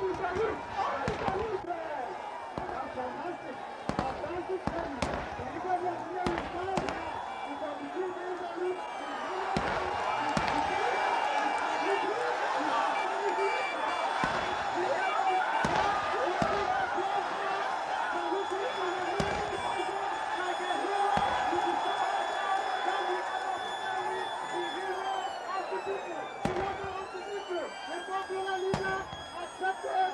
Fantastic! Fantastic!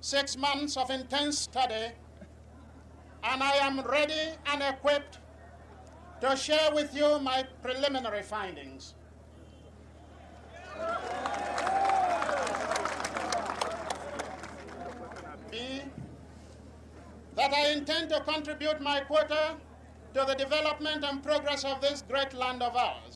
Six months of intense study, and I am ready and equipped to share with you my preliminary findings. B, that I intend to contribute my quota to the development and progress of this great land of ours.